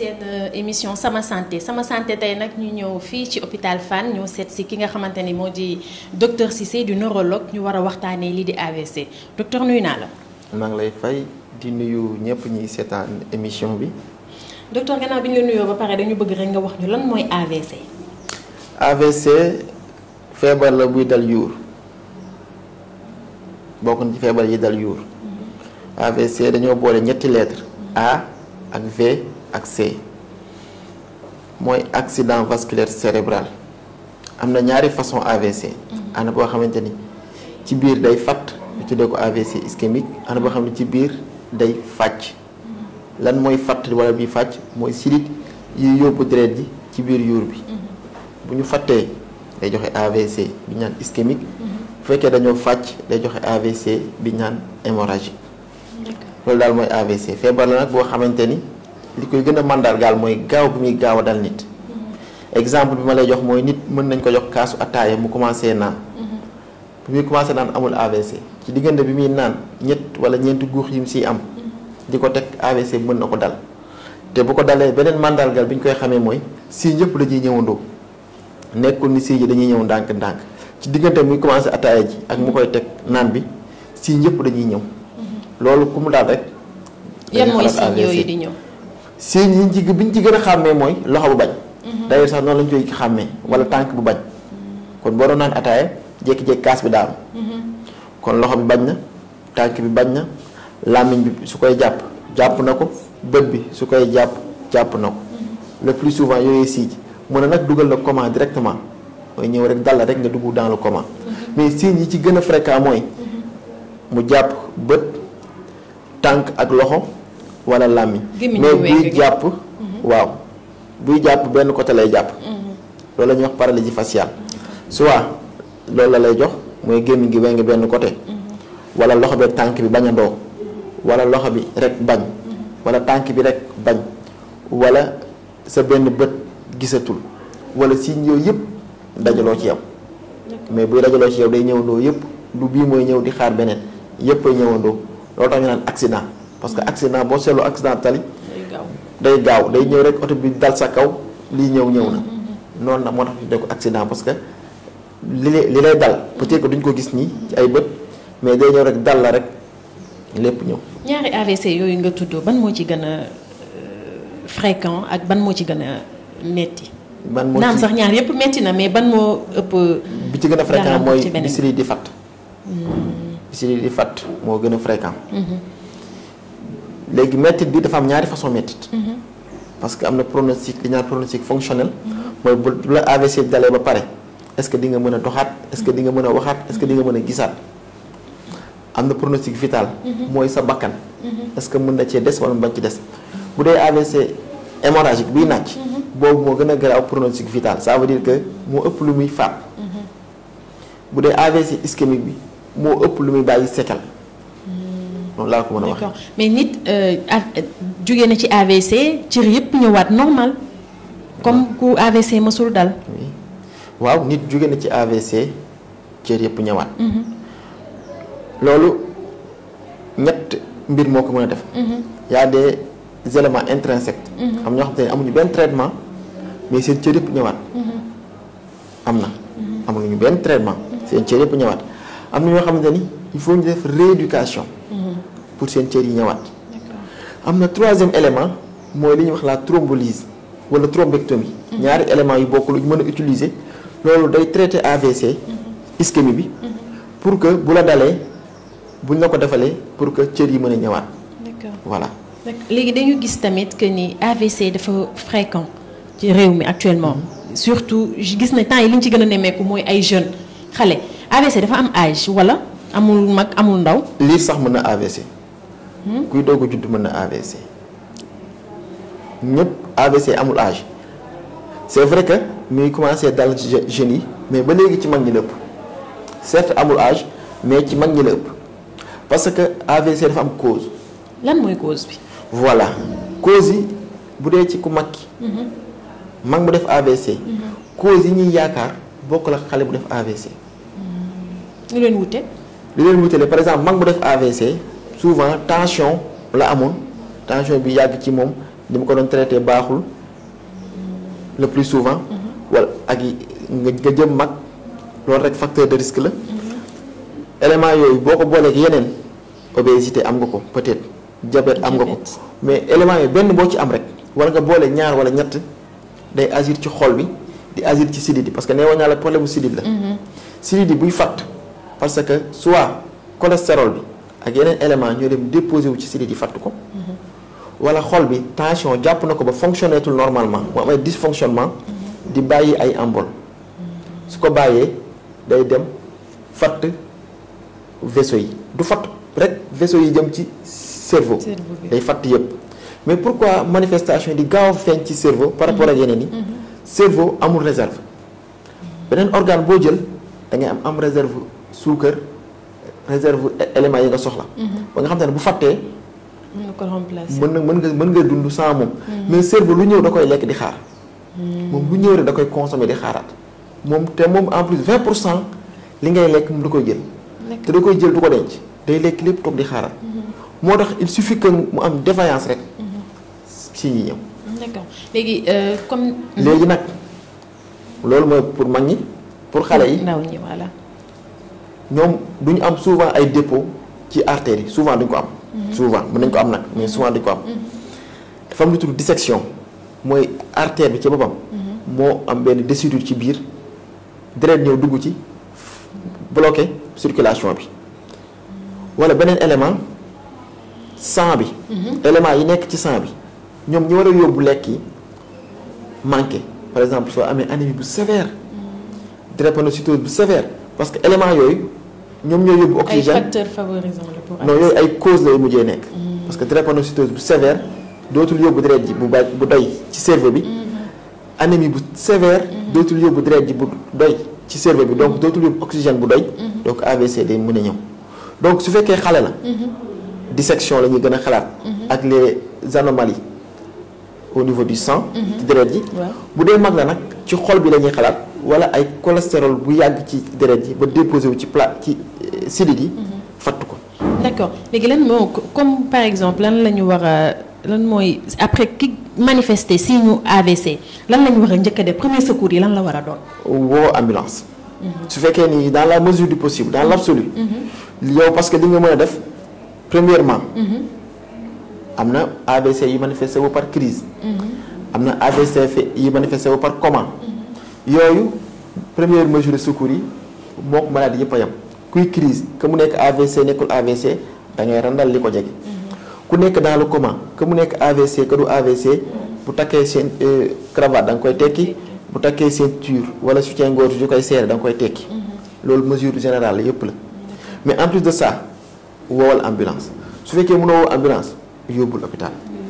seen euh, émission sama santé sama santé tay nak ñu ñëw fi ci hôpital Fan, ñu sét ci ki nga xamanteni ni di docteur Cissé du neurologue ñu wara waxtané li di AVC docteur nuyu naa la. maa ngi lay fay di nuyu ñëpp ñi sétane émission bi. docteur gëna biñu ñu la nuyoo ba paré dañu bëgg rek nga wax ñu lan moy AVC. AVC feebar la buy dal yuur bokk na ci feebar yi dal yuur. Mm-hmm. AVC dañoo boole ñetti lettre A ak V. ak seey mooy accident vasculaire cérébral am na ñaari façon AVC. Mhm. ana boo xamante ni ci biir day fatt ñu tuddee ko AVC ischémique ana boo xam ne ci biir day fàcc mhm. lan mooy fatt wala bi fàcc mooy sidit yi yóbbu deret ji ci biir yuur bi mhm. bu ñu fattee day joxe AVC bi ñaan ischémique bu fekkee dañoo fàcc day joxe AVC bi ñaan hémorragie loolu daal mooy AVC feebar la nag boo xamante ni li koy gën a màndargaal mooy gaaw bi muy gaaw a dal nit. Mm-hmm. exemple bi ma lay jox mooy nit mën nañ ko jox kaasu attaaya mu commencé naan. Mm-hmm. bi muy commencé naan amul AVC ci diggante bi muy naan ñett wala ñeenti guux yi mu siy am. Mm-hmm. di ko teg AVC mën na ko dal. te bu ko dalee beneen màndargaal bi ñu koy xamee mooy si yëpp la ñuy ñëwandoo nekkul ni si yi dañuy ñëw ndànk-ndànk ci diggante muy commencé attaaya ji ak mu koy teg naan bi si yëpp dañuy ñëw. loolu ku mu daal rek. yan mooy signes yooyu di ñëw. seen yiñ ci ñu ci gën a xàmmee mooy loxo bu bañ. Mhm. d'ailleurs sax noonu lañ koy xàmmee wala mhm. tànk bu bañ. kon boo doon naan ataaya jékki-jékki kaas bi daanu. Mhm. kon loxo bi bañ na tànk bi bañ na làmmiñ bi su koy jàpp jàpp na ko bët bi su koy jàpp jàpp na ko. le plus souvent yooyu signe mu ne nag dugal la coma directement mooy ñëw rek dal la rek nga dugg dans le coma. mais signes yi ci gën a fréquent mooy. mu jàpp bët tànk ak loxo. wala lami mais buy japp mhm. waaw buy japp benn côté lay japp mhm. loolu lañ wax paralysie faciale soit loolu la lay jox moy gémmiñ gi wengi benn côté mhm. wala loxo be tank bi baña do wala loxo bi rek bañ wala tank bi rek bañ wala sa benn beut gisatul wala siñ yooyu yep dajalo ci yow mais buy dajalo ci yow day do yep du bi moy ñew di xaar benen yep ñewando lo tax ñu naan accident parce que accident boo seloo accident tali. day gaaw day ñëw rek oto bi dal sa kaw lii ñëw ñëw na. Mm-hmm. noonu nag moo tax ñu dee accident parce que li lay li lay dal mm-hmm. peut-être duñ ko gis nii ci ay bët mais day ñëw rek dal la rek lépp ñëw. ñaari AVC yooyu nga tudd ban moo ci gën a euh, fréquent ak ban moo ci gën a metti. ban moo ci naan sax ñaar yëpp metti na mais ban moo ëpp. bi ci gën a fréquent mooy bisili di fatt. Mm-hmm. bisili di fatt moo gën a fréquent. Les méthodes de dafa am façon mhm. parce que y pronostic les pronostic fonctionnel AVC est-ce que vous avez un est-ce que di nga un est-ce que di nga un a pronostic vital mhm. mhm. est-ce que vous avez des wala Vous avez AVC hémorragique pronostic vital ça veut dire que AVC ischémique noonu laa ko mën mais nit euh, jóge na ci AVC cër yëpp ñëwaat normal comme ku AVC mësul dal. waaw nit jóge na ci AVC cër yëpp ñëwaat. Mhm. loolu ñett mbir moo ko mën a def. Mhm. y a des éléments intrinsèques. Mhm. am ñoo xam te ne ben traitement mais seen cër yëpp ñëwaat. am na. amuñu benn traitement seen cër yëpp ñëwaat am na ñoo xamante il faut ñu def rééducation pour sen cër ñëwaat. am na troisième élément moy li ñu wax la thrombolyse wala thrombectomie. Mhm. ñaari élément yu bokk lu mëna utiliser lolu day traiter AVC. Mhm. ischémie bi. Mhm. pour que bu la dalé buñ la ko defalee pour que cër mëna mën a ñëwaat. voilà. légui dañu gis tamit que ni AVC dafa fréquent ci réew mi actuellement. surtout gis na temps yi liñ ci gëna néméku moy ay jeunes xalé AVC dafa am âge wala amul mag amul ndaw. li sax mëna AVC. Hmm? kuy doog a judd mën na AVC ñëpp AVC amul âge c'est vrai que muy commencé dal ci jeunes yi mais ba léegi ci mag ñi la ëpp certes amul age mais ci mag ñi la ëpp parce que AVC dafa am cause. lan mooy cause bi. voilà cause yi bu dee ci ku mag ki mag mu def AVC. cause yi ñuy yaakaar bokk la xale bu def AVC. Hmm. lu leen wute. lu leen wutele par exemple mag mu def AVC. souvent tension la tension bi yag ci mom dim traiter le plus souvent. Mm-hmm. wala ak nga jëm mak rek facteur de risque la. Mm-hmm. élément yoy boko bolé yenen obésité am nga peut-être diabète am nga ko mais élément yooyu benn bo ci am rek wala nga bolé ñaar wala ñett day agir ci xol bi di agir ci parce que néwa ñala problème la mm-hmm. buy parce que soit cholestérol ak un élément ñoo dem déposé wu ci sidit yi fàttu ko wala xol bi tension jàpp na ko ba tout normalement mu ay dysfonctionnement di bàyyi ay embol su ko bàyyee day dem fatt vaisseau yi du fatt rek vaisseau yi jëm ci cerveau day fatt yëpp mais pourquoi manifestation di gaaw fait un ci cerveau par rapport à yeneen mhm. cerveau amul réserve beneen organe boo jël da ngay am am réserve sucre réserve éléments yi nga soxla. Mhm. ba nga xam te ne bu fàttee. mën na ko remplacer mën na mën nga mën nga dund sans moom. Mhm. mais cerveau lu ñëw da koy lekk di xaar. Mhm. moom bu ñëw rek da koy consommer di xaaraat moom te moom en plus 20 pour cent li ngay lekk mu da koy jël. te da koy jël du ko denc day lekk lépp toog di xaaraat. moo tax il suffit que mu am défaillance rek. si ñi ñëw. d'accord léegi euh, comme. léegi nag loolu mooy pour mag ñi pour xale yi. ndaw ñi voilà nous du am souvent ay dépôt ci artères yi souvent duñ ko am. Mhm. souvent mën nañ ko am mais mhm. souvent duñ ko am. Mhm. dafa am lu tudd dissection mooy artère bi ci bon moi am benn déchirure ci biir deret ñëw dugg ci bloqué circulation bi walla beneen élément sang bi. élément yi nekk ci sang bi ñoom ñu war a yóbbu lekk par exemple soit un anémie bu sévère drépanocytose bu sévère parce que élément yoy ñom ñoy yóbbu oxygène ay facteurs favorisant le pour non yooyu ay causes lay mujjé nekk. Mm. parce que drépanocytose bu sévère dootul yóbbu deret ji bu bu doy ci cerveau bi. Mm-hmm. anémie bu sévère. Mm-hmm. dootul yóbbu deret ji bu doy ci cerveau bi donc mm-hmm. dootul yóbbu oxygène bu doy. donc AVC day mëna a ñëw donc su fekkee xale la. dissection la ñuy gën a xalaat. ak les anomalies au niveau du sang. ci deret ji bu dee mag la nag ci xol bi la ñuy xalaat wala ay cholestérol bu yàgg ci deret yi ba déposé wu ci plat ci sidit euh, mhm. fatouko. d'accord léegi lan moo comme par exemple lan après qui manifeste, si avons AVC lan la a premier secours yi lan la war a ambulance mhm. su fekkee ni dans la mesure du possible dans mhm. l'absolu yow parce que nous nga mën def premièrement am na AVC yi manifesté par crise am na AVC yi manifesté par comment Yo première mesure de secours yi malade kuy crise avez mu AVC vous AVC da randal liko djegi mhm. ku dans le coma ke mu nek AVC AVC bu euh, cravate koy bu wala soutien-gorge koy vous koy mhm. mesure générale la mais en plus de ça vous ambulance su fekkee mu no ambulance yobul hôpital. Mhm.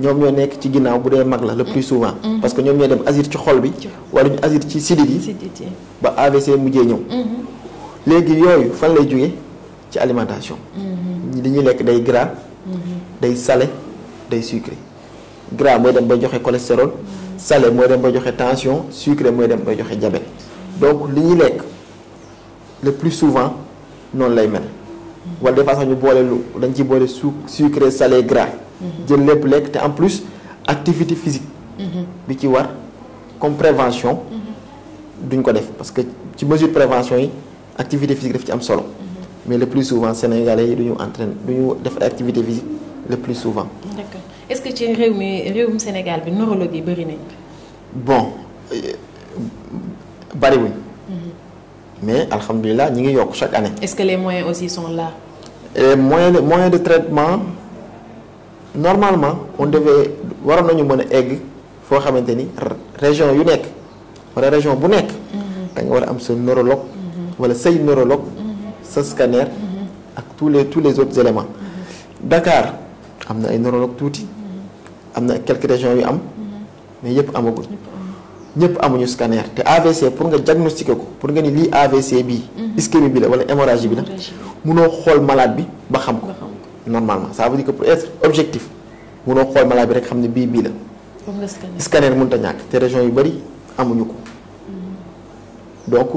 ñom ñoo nek ci ginnaaw bu dé mag la le plus souvent. Mm-hmm. parce que ñom ñoo dem azir ci xol bi. wala ñu azir ci sidit bi ba AVC mujjé ñew mm-hmm. légui yoy fan lay jóge ci alimentation. ñi mm-hmm. ñuy lek day gras. day salé day sucré. gras moy dem bay joxé cholestérol. salé moy dem bay joxé tension sucré moy dem bay joxé diabète. donc li ñuy le plus souvent non lay mel. wala des fois ñu bolé lu dañ ci bolé sucré salé gras je le en plus activité physique. bi ci war comme prévention. duñ ko parce que ci mesure prévention L'activité activité physique est un am solo. mais le plus souvent sénégalais yi du entraîne du faire def activité physique le plus souvent. est-ce que tu es réuni au Sénégal bi neurologue yi bon nañ euh, bon bëriwuñ. mais alhamdulilah ñi ngi chaque année. est-ce que les moyens aussi sont là. les moyens de traitement normalement on devait voir nañu mën egg fo xamanteni maintenir. région yu nek wala région bu nek mhm. da nga wara am sa neurologue. Mhm. wala say neurologue. Mhm. sa scanner. ak tous les tous les autres éléments. Dakar amna ay neurologue touti amna quelques régions yu am. mais yépp amagul. ñëpp amuñu scanner te AVC pour nga diagnostiquer ko pour nga ni li AVC bi ischémie bi la wala hémorragie bi la. munoo xool malade bi ba xam ko normalement ça veut dire que pour être objectif mënoo xool malade bi rek ne la. foog scanner scanner mënut a ñàkk te région mm-hmm. donc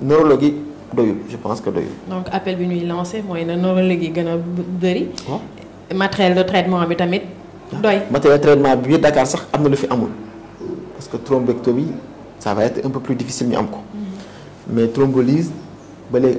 neurologie, doyou je pense que doyou donc appel bi lancé Moi, na neurologie, yi gën matériel de traitement bi tamit ah, doy. matériel de traitement bi biir Dakar parce que thrombectomie ça va être un peu plus difficile mais am mm-hmm. mais thrombolyse ba léegi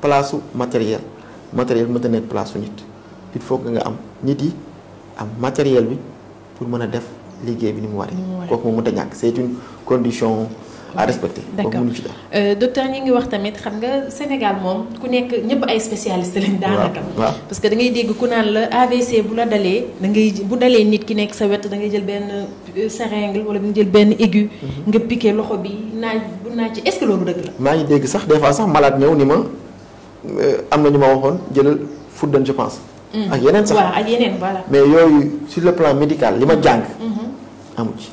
place matériel matériel mënta nekk place su nit il faut que nga am nit yi am matériel bi pour mën def liguey bi ni mu waree. kooku mu mënta ñak c'est une condition. à respecter d'accord euh, docteur ñi ngi wax tamit xam nga Sénégal mom ku nekk ñëpp ay spécialiste lañ daanaka parce que da ngay dégg ku naan la AVC bu la dalé da ngay bu dalé nit ki nekk sa wette da ngay jël ben seringue wala nga jël ben aigu mhm. nga piquer loxo bi naaj bu naaj ci est-ce que lolu deug la ma ngi dégg sax des fois sax malade ñëw ni ma euh, am na ñu ma waxoon jëlal fuddan je pense. Mm. ak yeneen sax ak yeneen voilà. mais yooyu sur le plan médical li ma mm-hmm. jàng. Mm-hmm. amu ci.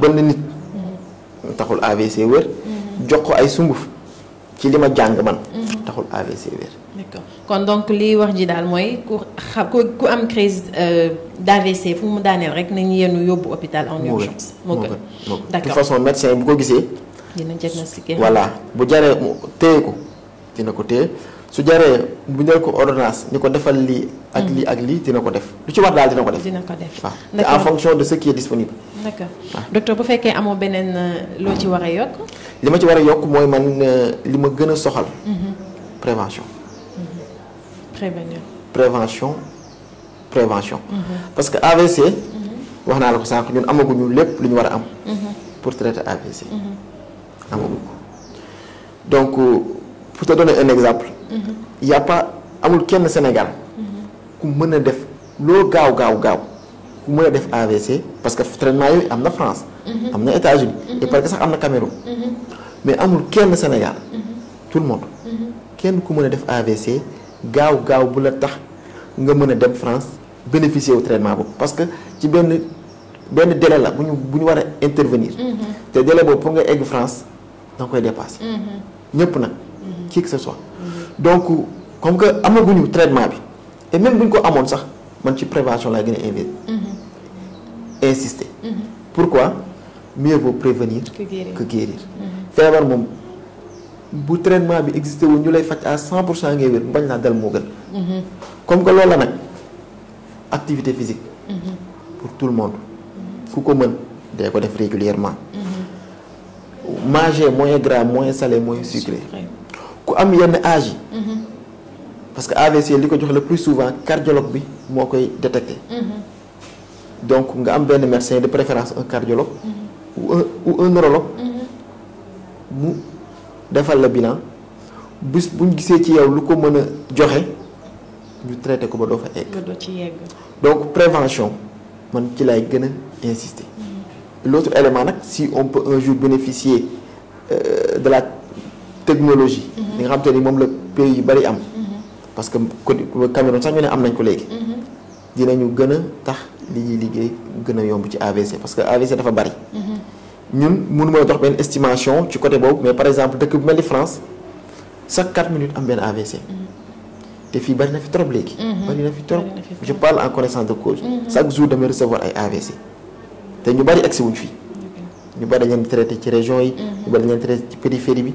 benn nit. Mm-hmm. taxul AVC wér. jox ko ay sumbuf ci li ma jàng man. taxul AVC wér. d'accord kon donc li wax ji daal mooy ku xam ku am crise euh, d'AVC fu mu daaneel rek nañ yenu yóbbu hôpital en urgence. moo gën moo gën d'accord de façon médecin bu ko gisee. dina diagnostiqué voilà bu jaree téye ko. dina ko téye su jaree bu ñu ko ordonnance ni ko defal lii ak hmm. li ak lii dina ko def lu ci war daal dina ko def. dina en fonction de ce qui est disponible. d'accord docteur bu fekkee amoo beneen euh, loo ci war a yokk. li ma ci war a yokk mooy man euh, li ma gën a soxal. Mm-hmm. prévention. Mm-hmm. prévenir. prévention prévention. Mm-hmm. parce que AVC. wax naa la ko sànq ñun amaguñu lépp lu ñu war a am. pour traiter AVC. amaguñu ko euh, pour te donner un exemple. il y a pas amul kenn Sénégal. ku mën a def loo gaaw gaw gaw ku mën a def AVC parce que traitement yooyu am France. Mhm. am na États-Unis mhm. et parce que sax am na Cameroun. Mhm. mais amul kenn Sénégal. tout le monde. kenn ku mën a def AVC gaw gaw bu la tax nga mën a dem France bénéficier au traitement parce que ci ben benn délai la bu ñu bu ñu war a intervenir. te délai boobu pour nga egg France donc nga koy dépasser. ñëpp nag qui que ce soit. donc comme que amaguñu traitement bi et même si ko amone sax man ci prévention a insister. pourquoi mieux vaut prévenir. que guérir Faire mom bu traitement bi existé wu ñu lay à 100 pour cent bañ comme que loolu la une activité physique. pour tout le monde. ku ko mën dé ko def régulièrement mhm. manger moins gras moins salé moins sucré ku am yenn âge mhm. parce que AVC li le plus souvent cardiologue bi moo koy détecté. Mhm. donc nga am benn médecin de préférence un cardiologue. Mhm. ou un ou neurologue. mu defal la bilan bis bu ñu gisee ci yow lu ko mën a joxe traité ko ba doo fa egg. donc prévention man ci lay gën insister. l'autre élément nag si on peut un jour bénéficier euh, de la technologie ni nga xam te ni moom la pays yu bari am. parce que Cameroun sax ñu né am nañ ko légui dinañu gën a tax li ñi liggéey gëna yomb ci AVC parce que AVC dafa bari. ñun mënu ma jox ben estimation ci côté boobu mais par exemple dëkk bu mel France chaque 4 minutes am ben AVC. té fi bari na fi trop légui bari na fi trop je parle en connaissance de cause. chaque jour damay recevoir ay AVC té ñu bari accès wuñ fi ñu bari ñen traité ci région yi. Mm-hmm. ñu bari ñen traité ci périphérie bi.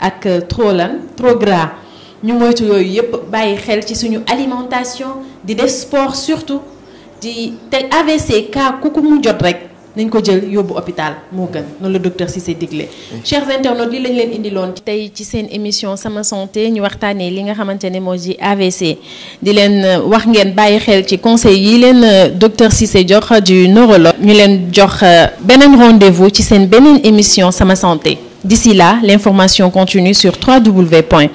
ak euh, trop lan trop gras ñu xel ci suñu alimentation di def sport surtout di l'AVC AVC ka mu jot rek hôpital gën docteur chers internautes li lañ leen émission sama santé ñu li nga AVC di leen euh, wax ngeen xel ci conseil euh, docteur jox du neurologue ñu leen rendez-vous ci émission sama santé. D'ici là, l'information continue sur www.igfm.sn.